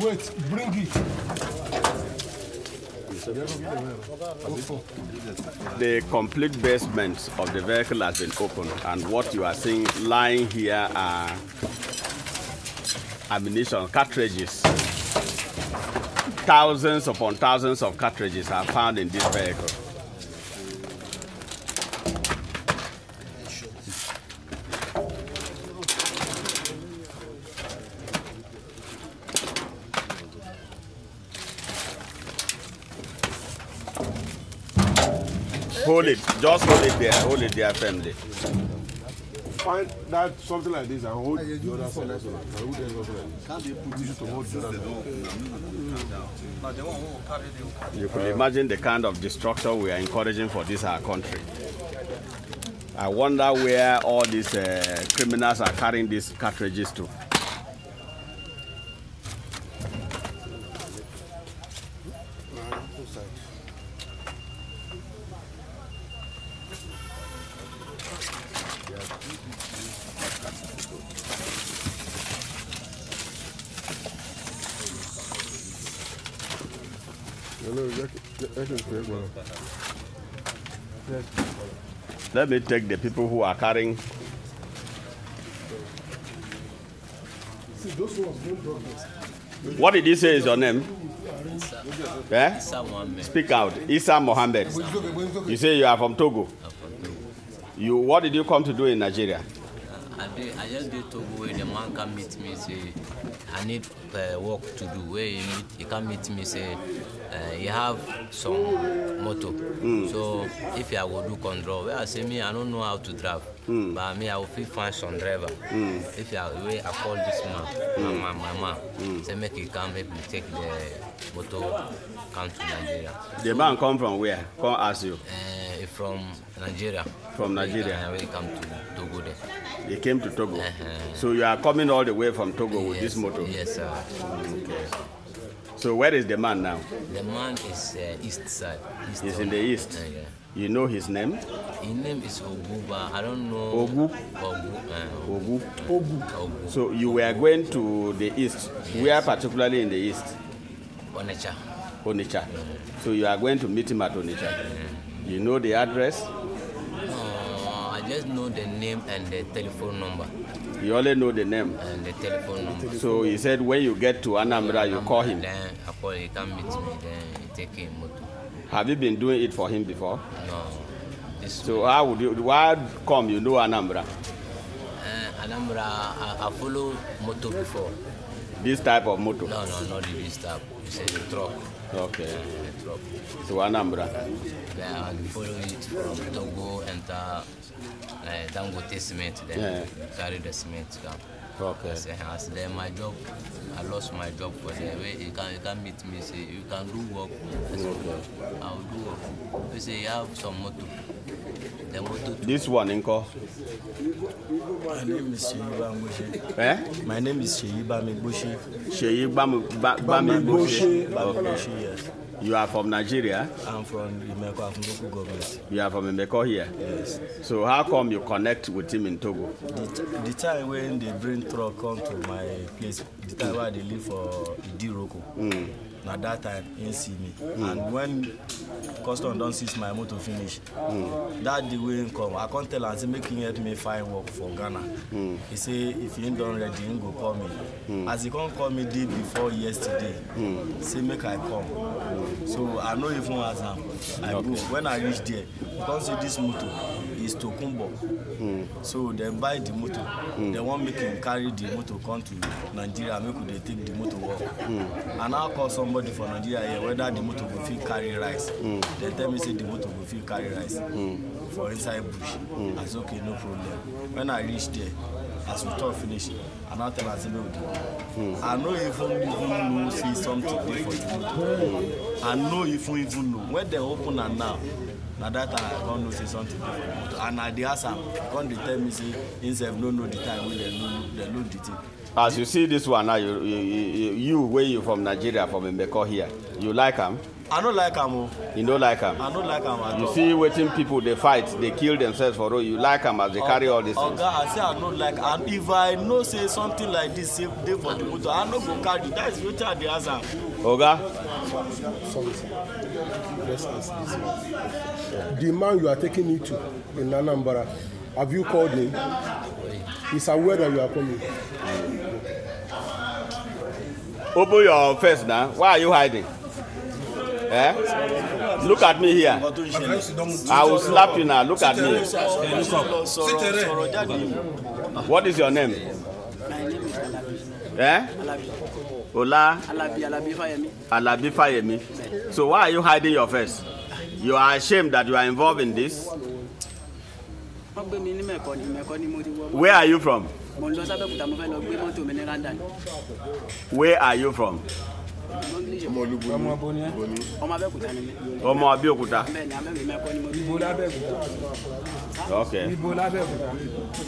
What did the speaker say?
Wait, bring it. The complete basement of the vehicle has been opened, and what you are seeing lying here are ammunition cartridges. Thousands upon thousands of cartridges are found in this vehicle. Hold it. Just hold it there. Hold it there family. Find that something like this and hold the other side. Like hold the other side. You should hold the other side. You could imagine the kind of destruction we are encouraging for this our country. I wonder where all these uh, criminals are carrying these cartridges to. Let me take the people who are carrying. What did he say is your name? Isa. Eh? Isa Speak out. Isa Mohammed. You say you are from Togo. You, what did you come to do in Nigeria? I, did, I just did Togo where the man can meet me say I need uh, work to do where he, meet, he can meet me say uh, you have some motor. Mm. So if I will do control, where I say me, I don't know how to drive. Mm. But me, I will find some driver. Mm. If I way I call this man, mm. my, my, hmm. my man, mm. say make you come, make me take the motor come to Nigeria. The man come from where? Come ask you. Uh, from Nigeria. From Nigeria. We, uh, we come to Togo there. You came to Togo. Uh -huh. So you are coming all the way from Togo yes, with this motor. Yes, sir. Okay. So where is the man now? The man is uh, east side. East He's in the east. Uh, yeah. You know his name? His name is Oguba. I don't know. Ogu? Ogu. Uh, Ogu. Ogu. Ogu. So you were going to the east. Yes. Where particularly in the east? Onicha. Onicha. Mm -hmm. So you are going to meet him at Onicha. Mm -hmm. You know the address? just know the name and the telephone number. You only know the name? And the telephone number. So he said when you get to Anambra, you call him? Then I call, he come meet me, then he take him Have you been doing it for him before? No. so way. how would you, why come you know Anambra? Uh, Anambra, I, I follow motor before. This type of motor? No, no, not this type. It's a truck. Okay. Uh, truck. So Anambra? Yeah, I follow it from Togo, enter uh, Dangote cement then yeah. carry the cement down. Okay. Yes, as then my job, I lost my job for the way you can you can meet me say you can do work. I okay. I'll do work. They say you have some motor. The motor. This one, Inko. My name is Sheyi Bamigboshi. Eh? My name is Sheyi Bamigboshi. Sheyi Bamigboshi. Bamigboshi. Bamigboshi. Yes. You are from Nigeria? I'm from Imeko, from Togo. government. You are from Imeko here? Yes. So how come you connect with him in Togo? The, the time when they bring truck come to my place, the time mm. where they live for Idiroko. Mm na that time him see me mm. and when custom don seize my motor finish mm. that day wey him come i come tell am say make him help me find work for ghana mm. he say if him don ready him go call me mm. as he come call me day before yesterday mm. say make i come mm. so i no even ask am i okay. go when i reach there he come say this motor is tokunbo mm. so dem buy the motor mm. dem wan make him carry the motor come to nigeria make we dey take the motor work Hmm. and i call somebody for nigeria here whether the motor go fit carry rice dem hmm. tell me say the motor go fit carry rice hmm. for inside bush i say okay no problem when i reach there as we talk finish i now tell am say make we dey i no even even know say something dey for the motor i no even even know when dem open am now na that time i come know say something dey for the motor and i dey ask am come dey tell me say sef no know the time wey dem load the thing as you see this one now you you you, you wey you from nigeria from mbeko here you like am. i no like am o. Oh. you no like am. i no like am at all. you see wetin people dey fight dey kill themselves for road you like am as they carry all these things. oga i say i no like am if i know say something like this say dey for the motor i no go carry that is wetin i dey ask am. oga. the man you are taking me to in anambra have you called him he is aware that you are coming. Open your face now. Why are you hiding? Eh? Look at me here. I will slap you now. Look at me. What is your name? My name is Alabi. Eh? Ola Alabi Fayemi. So why are you hiding your face? You are ashamed that you are involved in this where are you from. where are you from. ọmọ olúbo ni ọmọ boni. ọmọ abẹ́kúta ni mi. ọmọ abẹ́òkúta. ibo lábẹ́kúta. ibo lábẹ́kúta.